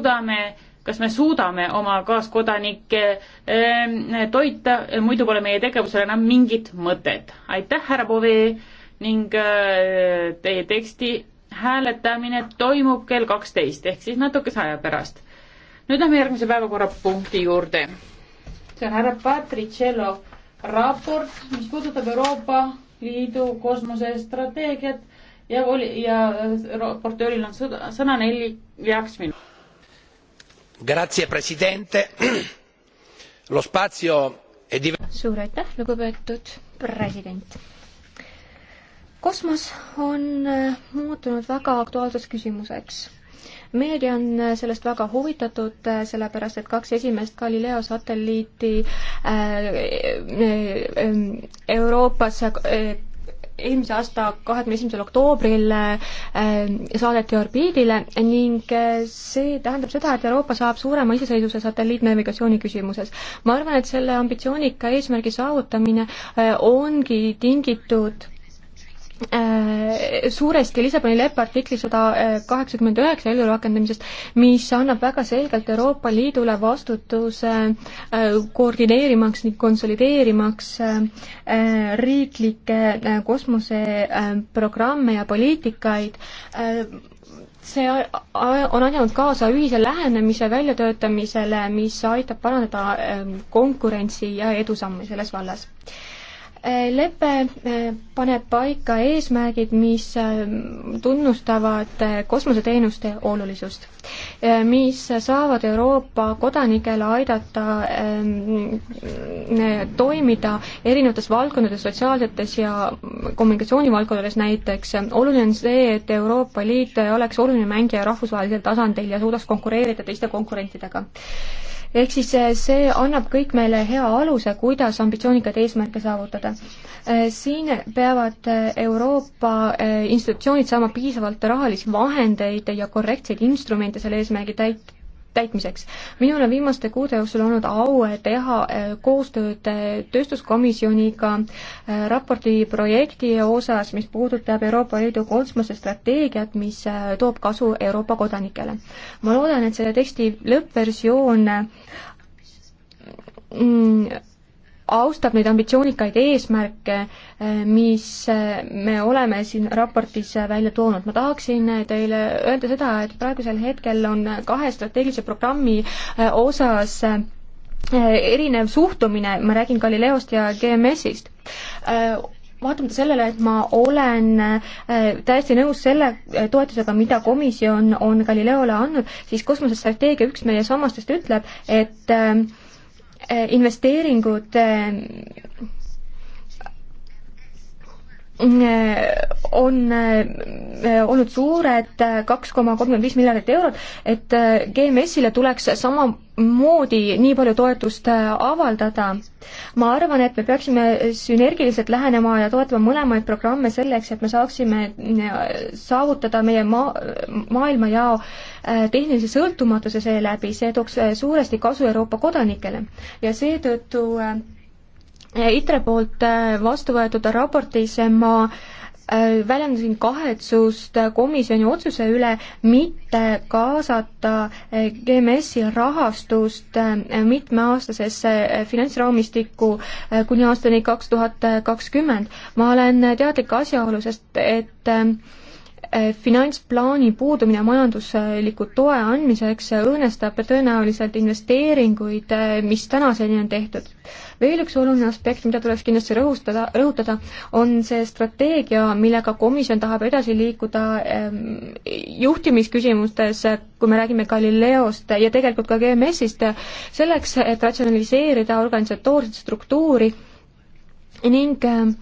suudame, kas me suudame oma kaaskodanikke ehm, toita, muidu pole meie tegevusel enam mingit mõtet. aitäh, härra Povee ning äh, teie teksti hääletamine toimub kell kaksteist ehk siis natukese aja pärast. nüüd lähme järgmise päevakorrapunkti juurde. see on härra Patricello raport, mis puudutab Euroopa Liidu kosmosestrateegiat ja, ja äh, raportööril on sõda, sõna neljaks minutiks signor presidente lo spazio è suur aitäh lugupeetud president kosmos on äh, muutunud väga aktuaalseks küsimuseks meedia on äh, sellest väga huvitatud, äh, sellepärast et kaks esimest Galileo satelliiti Euroopas eelmise aasta kahekümne esimesel oktoobril äh, saadeti orbiidile ning äh, see tähendab seda, et Euroopa saab suurema iseseisvuse satelliitnavigatsiooni küsimuses. ma arvan, et selle ambitsioonika eesmärgi saavutamine äh, ongi tingitud Äh, suuresti Lissaboni leppe artikli sada äh, kaheksakümmend üheksa ellurakendamisest, mis annab väga selgelt Euroopa Liidule vastutuse äh, koordineerimaks ning konsolideerimaks riiklikke kosmoseprogramme ja poliitikaid, see on aidanud kaasa ühise lähenemise väljatöötamisele, mis aitab parandada konkurentsi ja edusamme selles vallas lepe äh, paneb paika eesmärgid, mis äh, tunnustavad äh, kosmoseteenuste olulisust, mis saavad Euroopa kodanikele aidata ähm, toimida erinevates valdkondades, sotsiaalsetes ja kommunikatsioonivaldkondades näiteks. oluline on see, et Euroopa Liit oleks oluline mängija rahvusvahelisel tasandil ja suudaks konkureerida teiste konkurentidega ehk siis eh, see annab kõik meile hea aluse, kuidas ambitsioonikaid eesmärke saavutada. Eh, siin peavad eh, Euroopa institutsioonid saama piisavalt rahalisi vahendeid ja korrektseid instrumente selle eesmärgi täit-, täitmiseks. minul on viimaste kuude jooksul olnud au eh, teha eh, koostööd eh, tööstuskomisjoniga raporti projekti osas, mis puudutab Euroopa Liidu kosmose strateegiat, mis toob kasu Euroopa kodanikele. ma loodan, et selle teksti lõppversioon mm, austab neid ambitsioonikaid eesmärke, mis me oleme siin raportis välja toonud. ma tahaksin teile öelda seda, et praegusel hetkel on kahe strateegilise programmi äh, osas äh, erinev suhtumine, ma räägin Galileost ja GMS-ist äh, vaatamata sellele, et ma olen täiesti nõus selle toetusega, mida komisjon on Galileole andnud, siis kosmosestrateegia üks meie sammastest ütleb, et äh, investeeringud eh, on äh, olnud suured, äh, kaks koma kolmkümmend viis miljardit eurot, et äh, GMS-ile tuleks samamoodi nii palju toetust avaldada. ma arvan, et me peaksime sünergiliselt lähenema ja toetama mõlemaid programme selleks, et me saaksime saavutada meie maa, maailmajao tehnilise sõltumatuse seeläbi, see tooks suuresti kasu Euroopa kodanikele ja seetõttu ITRE poolt äh, vastu võetud raportis äh, ma äh, väljendasin kahetsust komisjoni otsuse üle mitte kaasata GMS-i rahastust mitmeaastasesse finantsraamistikku kuni aastani kaks tuhat kakskümmend. ma olen teadlik asjaolusest, et Eh, finantsplaani puudumine majandusliku toe andmiseks õõnestab tõenäoliselt investeeringuid, eh, mis tänaseni on tehtud. veel üks oluline aspekt, mida tuleks kindlasti rõhustada, rõhutada, on see strateegia, millega komisjon tahab edasi liikuda ehm, juhtimisküsimustes, kui me räägime Galileost ja tegelikult ka GMS-ist, selleks, et ratsionaliseerida organisatoorset struktuuri ning ehm,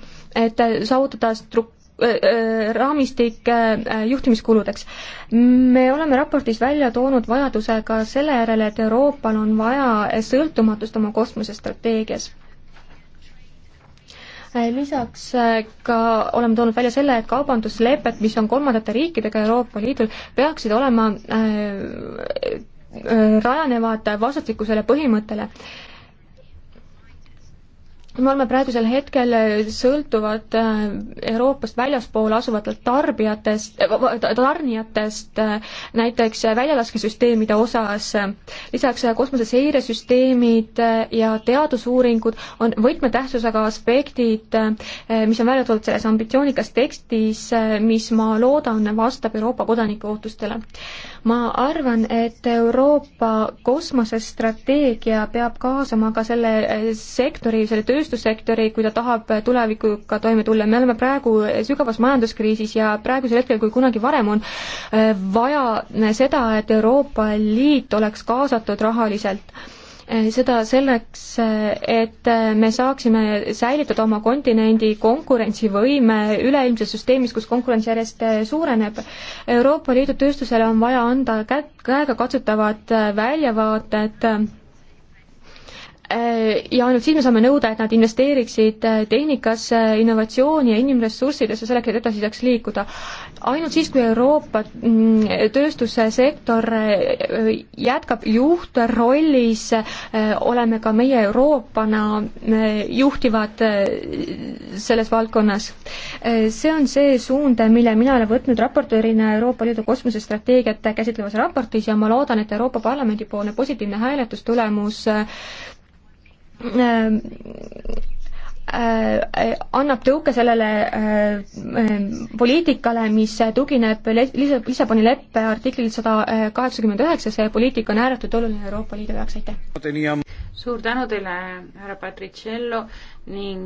et saavutada stru-, Äh, äh, raamistik äh, juhtimiskuludeks. me oleme raportis välja toonud vajaduse ka selle järele, et Euroopal on vaja sõltumatust oma kosmosestrateegias. lisaks ka oleme toonud välja selle, et kaubanduslepet, mis on kolmandate riikidega Euroopa Liidul, peaksid olema äh, rajanevad vastastikusele põhimõttele äh, me oleme praegusel hetkel sõltuvad äh, Euroopast väljaspool asuvatelt tarbijatest, äh, tarnijatest, äh, näiteks väljalaskesüsteemide osas. lisaks kosmoseseiresüsteemid ja teadusuuringud on võtmetähtsusega aspektid, mis on välja toodud selles ambitsioonikas tekstis, mis ma loodan, vastab Euroopa kodanike ootustele. ma arvan, et Euroopa kosmosestrateegia peab kaasama ka selle sektori, selle tööstuse tööstussektori, kui ta tahab tulevikuga toime tulla. me oleme praegu sügavas majanduskriisis ja praegusel hetkel, kui kunagi varem, on äh, vaja seda, et Euroopa Liit oleks kaasatud rahaliselt äh, seda selleks, äh, et me saaksime säilitada oma kontinendi konkurentsivõime üleilmses süsteemis, kus konkurents järjest suureneb. Euroopa Liidu tööstusele on vaja anda käega katsutavad väljavaated Äh, ja ainult siis me saame nõuda, et nad investeeriksid äh, tehnikasse, innovatsiooni ja inimressurssidesse selleks, et edasi saaks liikuda. ainult siis, kui Euroopa mm, tööstussektor äh, jätkab juhtrollis, oleme ka meie Euroopana juhtivad selles valdkonnas. see on see suund, mille mina olen võtnud raportöörina Euroopa Liidu kosmosestrateegiat käsitlevas raportis ja ma loodan, et Euroopa Parlamendi poolne positiivne hääletustulemus Ähm, äh, äh, annab tõuke sellele äh, ähm, poliitikale, mis tugineb Lis-, Lissaboni leppe artiklil sada kaheksakümmend üheksa, see poliitika on ääretult oluline Euroopa Liidu jaoks, aitäh! suur tänu teile, härra Patricello, ning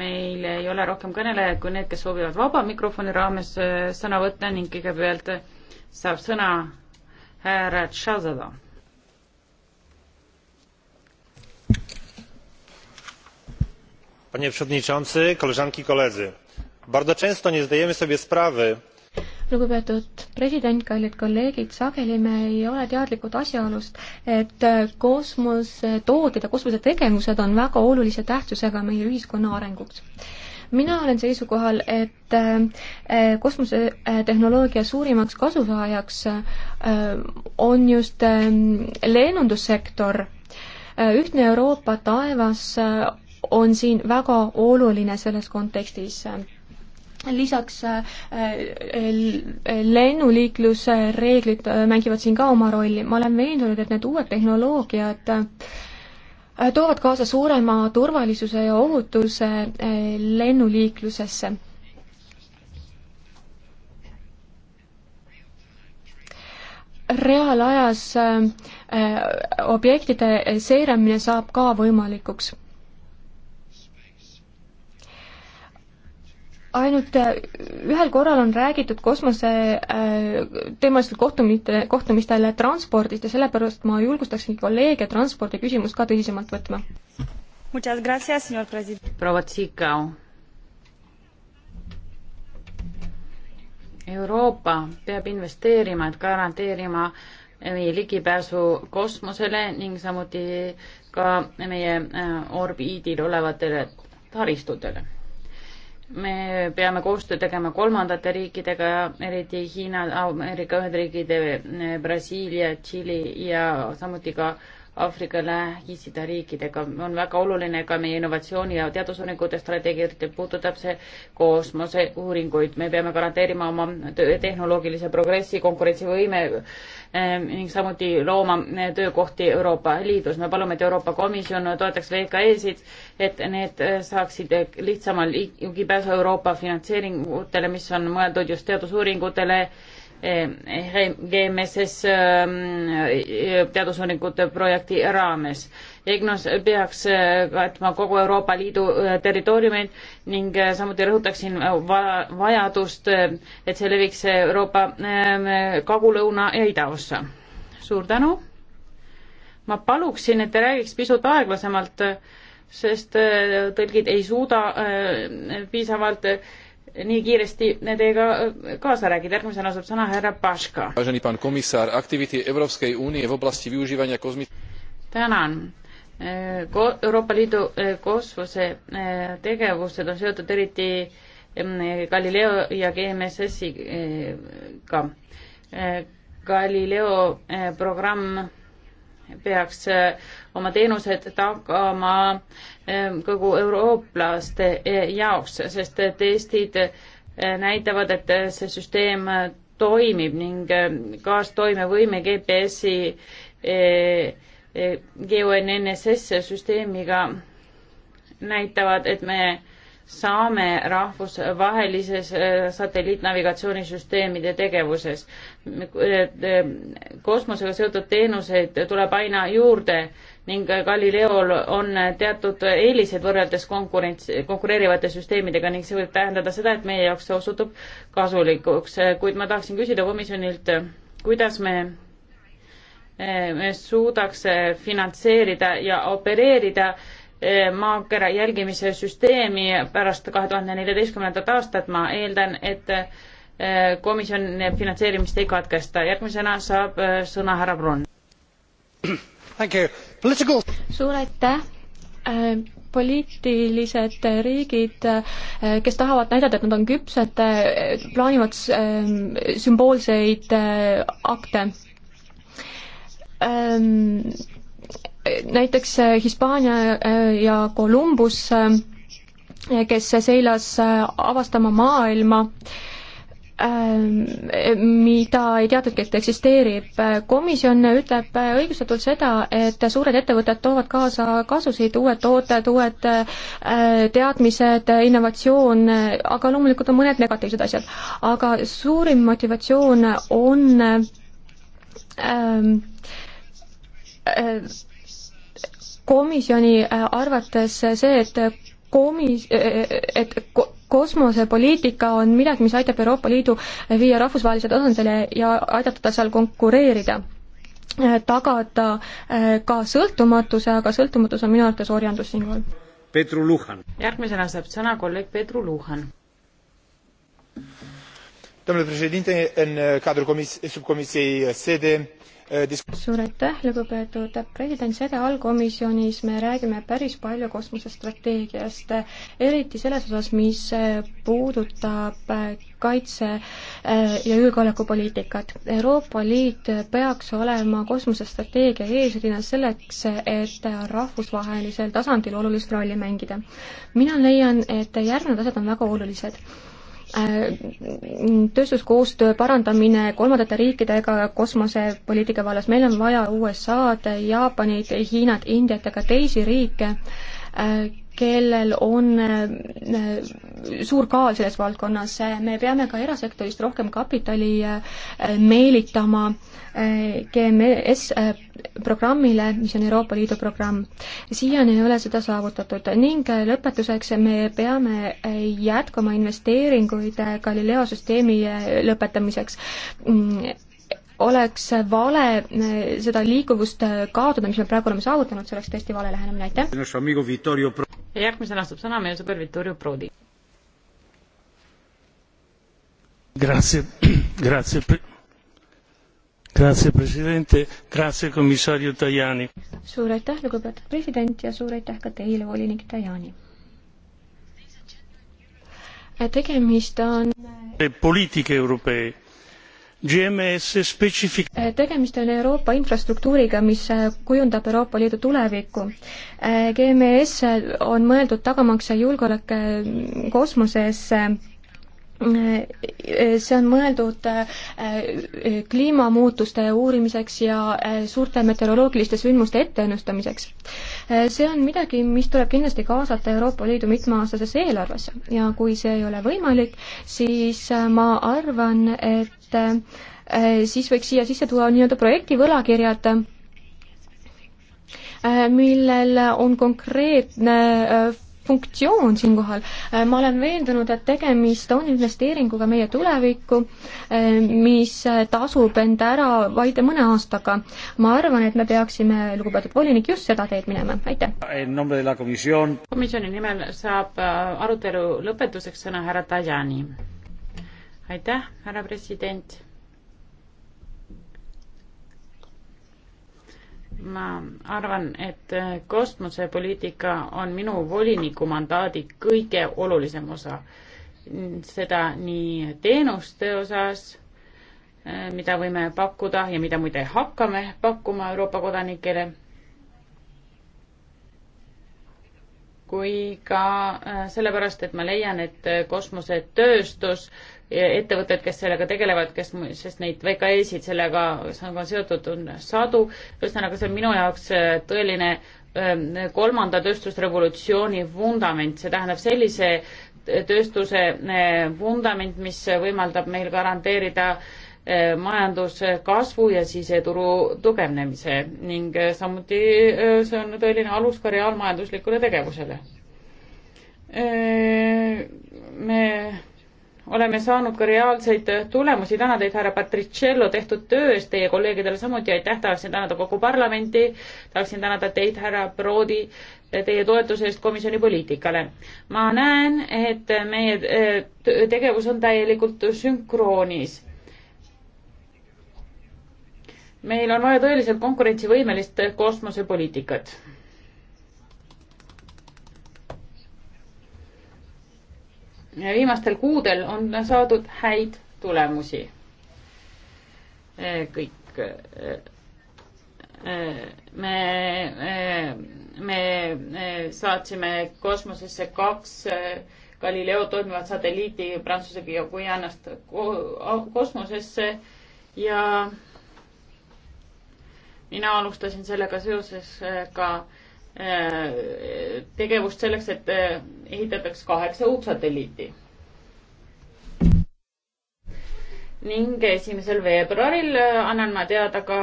meil ei ole rohkem kõnelejaid kui need, kes soovivad vaba mikrofoni raames sõna võtta ning kõigepealt saab sõna härra Tšazada panie przewodniczący! koleżanki i koledzy! bardzo często nie zdajemy sobie sprawy lugupeetud president kallid kolleegid sageli me ei ole teadlikud asjaolust et kosmosetoodete kosmosetegevused on väga olulise tähtsusega meie ühiskonna arenguks mina olen seisukohal, et äh, kosmosetehnoloogia äh, suurimaks kasusaajaks äh, on just lennundussektor. ühtne Euroopa taevas on siin väga oluline selles kontekstis lisaks äh, äh, lennuliikluse reeglid äh, mängivad siin ka oma rolli, ma olen veendunud, et need uued tehnoloogiad toovad kaasa suurema turvalisuse ja ohutuse lennuliiklusesse. reaalajas objektide seiramine saab ka võimalikuks ainult äh, ühel korral on räägitud kosmose äh, teemalistel kohtumite, kohtumistel transpordist ja sellepärast ma julgustaksin kolleege transpordi küsimust ka tõsisemalt võtma. proua Tsikau. Euroopa peab investeerima, et garanteerima meie ligipääsu kosmosele ning samuti ka meie äh, orbiidil olevatele taristutele me peame koostöö tegema kolmandate riikidega, eriti Hiina, Ameerika Ühendriigid, Brasiilia, Tšiili ja samuti ka Aafrika Lähis-Ida riikidega. on väga oluline ka meie innovatsiooni ja teadusuuringute strateegiat, puudutab see kosmoseuuringuid. me peame garanteerima oma tehnoloogilise progressi, konkurentsivõime Ehm, ning samuti looma eh, töökohti Euroopa Liidus. me palume, et Euroopa Komisjon toetaks VKE-sid, et need eh, saaksid eh, lihtsamal ligipääsu Euroopa finantseeringutele, mis on mõeldud just teadusuuringutele GMSS ähm, äh, teadusuuringute projekti raames. EGNOS peaks äh, katma kogu Euroopa Liidu äh, territooriumid ning samuti rõhutaksin vajadust, et see leviks Euroopa ähm, kagulõuna ja idaossa. suur tänu. ma paluksin, et te räägiks pisut aeglasemalt, sest tõlgid ei suuda piisavalt nii kiiresti teiega kaasa rääkida. järgmisena saab sõna härra Paška. tänan. Eh, Euroopa Liidu eh, kosmose eh, tegevused on seotud eriti mm, Galileo ja GMSS-iga. Galileo programm peaks eh, oma teenused tagama eh, kogu eurooplaste eh, jaoks, sest testid näitavad, et see süsteem toimib ning kaastoimevõime GPS-i GUNNSS süsteemiga näitavad, et me Saame rahvusvahelises äh, satelliitnavigatsioonisüsteemide tegevuses. kosmosega seotud teenuseid tuleb aina juurde ning Galileol on teatud eelised võrreldes konkurents, konkureerivate süsteemidega ning see võib tähendada seda, et meie jaoks see osutub kasulikuks, kuid ma tahaksin küsida komisjonilt, kuidas me me suudaks finantseerida ja opereerida äh, Eh, maakera jälgimise süsteemi pärast kahe tuhande neljateistkümnendat aastat, ma eeldan, et eh, komisjon finantseerimist ei katkesta. järgmisena saab eh, sõna härra Brun. suur aitäh poliitilised riigid, kes tahavad näidata, et nad on küpsed, plaanivad sümboolseid akte näiteks äh, Hispaania äh, ja Kolumbus, äh, kes seilas avastama maailma, mida ei teatud, kes eksisteerib. komisjon ütleb õigustatult seda, et suured ettevõtted toovad kaasa kasusid, uued tooted, uued teadmised, innovatsioon, aga loomulikult on mõned negatiivsed asjad. aga suurim motivatsioon on ähm, komisjoni äh, arvates see, et komis-, äh, äh, et kosmosepoliitika on midagi, mis aitab Euroopa Liidu viia rahvusvahelise tasandile ja aidata ta seal konkureerida, tagada ka sõltumatuse, aga sõltumatus on minu arvates orjandus siinkohal. Petru Luhan. järgmisena saab sõna kolleeg Petru Luhan. Domnule președinte, în cadrul comis- subcomisiei sede Äh, suur aitäh, lugupeetud president, seda allkomisjonis me räägime päris palju kosmosestrateegiast, eriti selles osas, mis äh, puudutab äh, kaitse- ja julgeolekupoliitikat. Euroopa Liit peaks olema kosmosestrateegia eesrinnas selleks, et rahvusvahelisel tasandil olulist rolli mängida. mina leian, et järgnevad asjad on väga olulised Äh, mm, tööstuskoostöö parandamine kolmandate riikidega kosmosepoliitika vallas, meil on vaja USA-d, Jaapanit, Hiinat, Indiat ja ka teisi riike, äh, kellel on äh, suur kaal selles valdkonnas, me peame ka erasektorist rohkem kapitali äh, meelitama äh, GMS programmile, mis on Euroopa Liidu programm. siiani ei ole seda saavutatud ning lõpetuseks me peame jätkama investeeringuid Galileo süsteemi lõpetamiseks mm, oleks vale eh, seda liikuvust eh, kaotada, mis me praegu oleme saavutanud, see oleks tõesti vale lähenemine, aitäh. järgmisena astub sõna meie sõber Vittorio Prodi. Grazie, grazie, grazie presidente, grazie commissario Tajani. suur aitäh, lugupeetud president ja suur aitäh ka teile, volinik Tajani. tegemist on poliitika europee Äh, tegemist on Euroopa infrastruktuuriga, mis äh, kujundab Euroopa Liidu tulevikku. Äh, GMS on mõeldud tagamaks julgeolek kosmoses see on mõeldud kliimamuutuste uurimiseks ja suurte meteoroloogiliste sündmuste etteennustamiseks. see on midagi, mis tuleb kindlasti kaasata Euroopa Liidu mitmeaastasesse eelarvesse ja kui see ei ole võimalik, siis ma arvan, et et eh, siis võiks siia sisse tuua nii-öelda projekti võlakirjad, eh, millel on konkreetne eh, funktsioon siinkohal. ma olen veendunud, et tegemist on investeeringuga meie tulevikku, mis tasub end ära vaid mõne aastaga. ma arvan, et me peaksime, lugupeetud volinik, just seda teed minema, aitäh. komisjoni nimel saab arutelu lõpetuseks sõna härra Tajani aitäh, härra president. ma arvan, et äh, kosmosepoliitika on minu voliniku mandaadi kõige olulisem osa. seda nii teenuste osas, äh, mida võime pakkuda ja mida muide hakkame pakkuma Euroopa kodanikele kui ka äh, sellepärast, et ma leian, et äh, kosmosetööstus, ettevõtted, kes sellega tegelevad, kes, sest neid VKE-sid sellega, sellega seotud on sadu, ühesõnaga see on minu jaoks äh, tõeline ähm, kolmanda tööstusrevolutsiooni vundament, see tähendab sellise tööstuse vundament, mis võimaldab meil garanteerida äh, Eh, majanduskasvu ja siseturu tugevnemise ning eh, samuti eh, see on tõeline alus ka reaalmajanduslikule tegevusele. me oleme saanud ka reaalseid tulemusi, tänan teid, härra Patricello, tehtud töö eest, teie kolleegidele samuti aitäh, tahaksin tänada kogu parlamenti, tahaksin tänada teid, härra Broodi, teie toetuse eest komisjoni poliitikale. ma näen, et meie tegevus on täielikult sünkroonis meil on vaja tõeliselt konkurentsivõimelist kosmosepoliitikat. viimastel kuudel on saadud häid tulemusi. Äh, kõik äh, äh, me, me saatsime kosmosesse kaks Galileo toimivat satelliiti Prantsuse Guianast kosmosesse ja mina alustasin sellega seoses äh, ka äh, tegevust selleks, et äh, ehitataks kaheksa uut satelliiti. ning esimesel veebruaril annan ma teada ka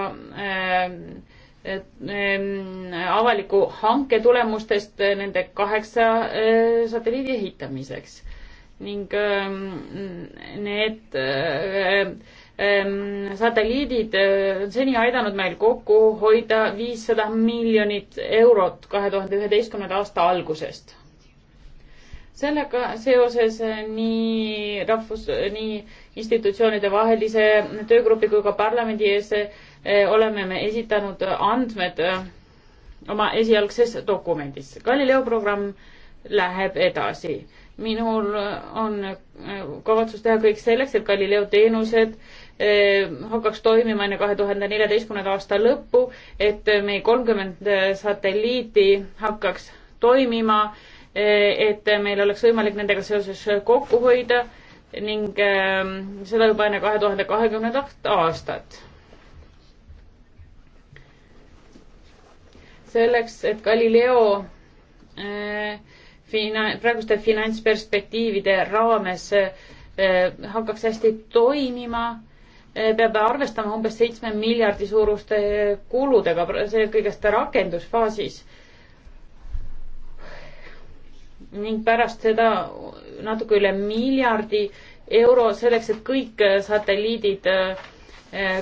ähm, avaliku hanke tulemustest nende kaheksa satelliidi ehitamiseks ning ähm, need Ehm, satelliidid eh, on seni aidanud meil kokku hoida viissada miljonit eurot kahe tuhande üheteistkümnenda aasta algusest. sellega seoses eh, nii rahvus, nii institutsioonide vahelise töögrupi kui ka parlamendi ees eh, oleme me esitanud andmed oma esialgses dokumendis. Galileo programm läheb edasi. minul on kavatsus teha kõik selleks, et Galileo teenused äh, Eh, hakkaks toimima enne kahe tuhande neljateistkümnenda aasta lõppu, et meie kolmkümmend eh, satelliiti hakkaks toimima, eh, et meil oleks võimalik nendega seoses kokku hoida ning seda juba enne kahe tuhande kahekümnendat aastat. selleks, et Galileo fina-, praeguste finantsperspektiivide raames hakkaks hästi toimima Eh, peab arvestama umbes seitsme miljardi suuruste eh, kuludega, see kõigest rakendusfaasis. ning pärast seda natuke üle miljardi euro selleks, et kõik eh, satelliidid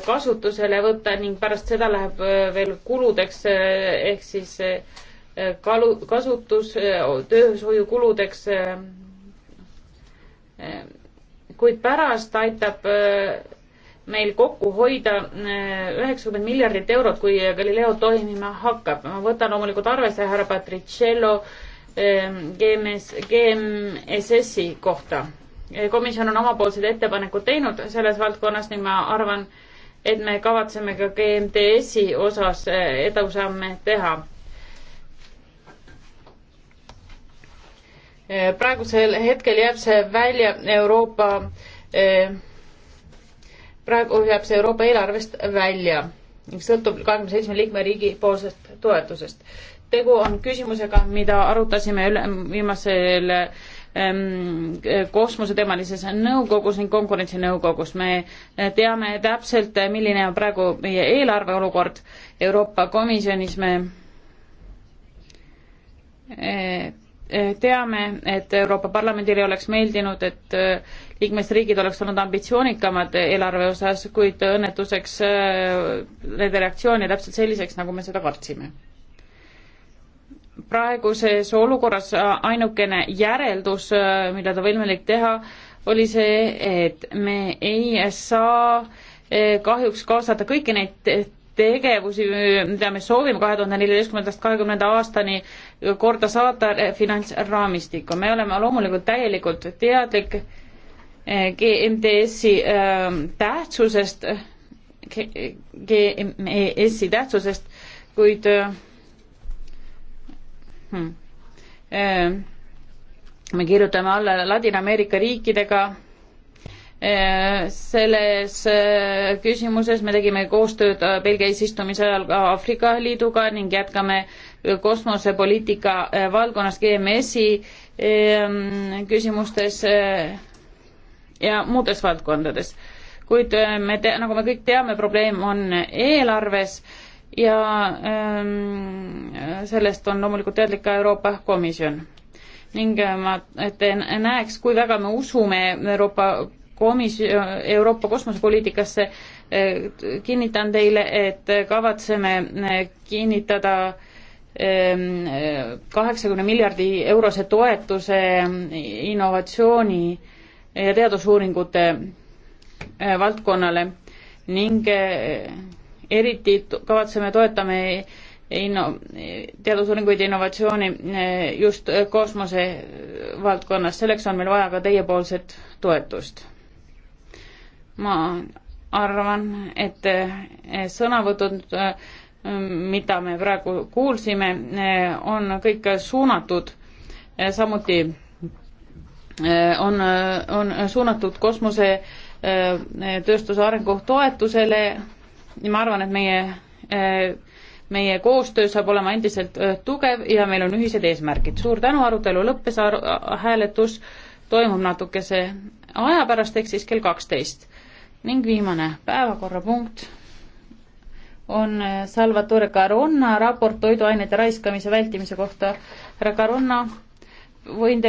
kasutusele võtta ning pärast seda läheb veel kuludeks ehk siis kalu, kasutus, tööhoiukuludeks. kuid pärast aitab meil kokku hoida äh, üheksakümmend miljardit eurot, kui Galileo toimima hakkab. ma võtan loomulikult arvesse härra Patricello ähm, GMS, GMSS-i kohta. Äh, komisjon on omapoolsed ettepanekud teinud selles valdkonnas ning ma arvan, et me kavatseme ka GMTS-i osas äh, edusamme teha. praegusel hetkel jääb see välja Euroopa praegu jääb see Euroopa eelarvest välja ning sõltub kahekümne seitsme liikmeriigi poolsest toetusest. tegu on küsimusega, mida arutasime üle, viimasel ähm, kosmoseteemalises nõukogus ning konkurentsinõukogus. me teame täpselt, milline on praegu meie eelarve olukord. Euroopa Komisjonis me äh, Äh, teame, et Euroopa Parlamendile oleks meeldinud, et äh, liikmesriigid oleks olnud ambitsioonikamad eelarve osas, kuid õnnetuseks äh, nende reaktsioon jäi täpselt selliseks, nagu me seda kartsime. praeguses olukorras ainukene järeldus, mida ta võimalik teha, oli see, et me ei saa kahjuks kaasata kõiki neid tegevusi, mida me soovime kahe tuhande neljateistkümnendast kahekümnenda aastani korda saata finantsraamistikku. me oleme loomulikult täielikult teadlik eh, GMTS-i eh, tähtsusest, GMES-i tähtsusest, kuid eh, hmm, me kirjutame alla Ladina-Ameerika riikidega Äh, selles äh, küsimuses me tegime koostööd äh, Belgia eesistumise ajal ka Aafrika Liiduga ning jätkame kosmosepoliitika valdkonnas GMS-i ähm, küsimustes ja muudes valdkondades. kuid me te-, nagu me kõik teame, probleem on eelarves ja ähm, sellest on loomulikult teadlik ka Euroopa Komisjon ning ma, et te näeks, kui väga me usume Euroopa komis-, Euroopa kosmosepoliitikasse. kinnitan teile, et kavatseme kinnitada ehm, kaheksakümne miljardi eurose toetuse innovatsiooni ja teadusuuringute eh, valdkonnale ning eh, eriti kavatseme, toetame inno-, teadusuuringuid ja innovatsiooni eh, just kosmose valdkonnas, selleks on meil vaja ka teiepoolset toetust ma arvan, et eh, sõnavõtud, eh, mida me praegu kuulsime, eh, on kõik suunatud, samuti on, on suunatud kosmosetööstuse arengu toetusele ja ma arvan, et meie, meie koostöö saab olema endiselt tugev ja meil on ühised eesmärgid. suur tänu, arutelu lõppes, hääletus toimub natukese aja pärast, ehk siis kell kaksteist ning viimane päevakorrapunkt on äh, Salvatore Caronna raport toiduainete raiskamise vältimise kohta. härra Caronna, võin teile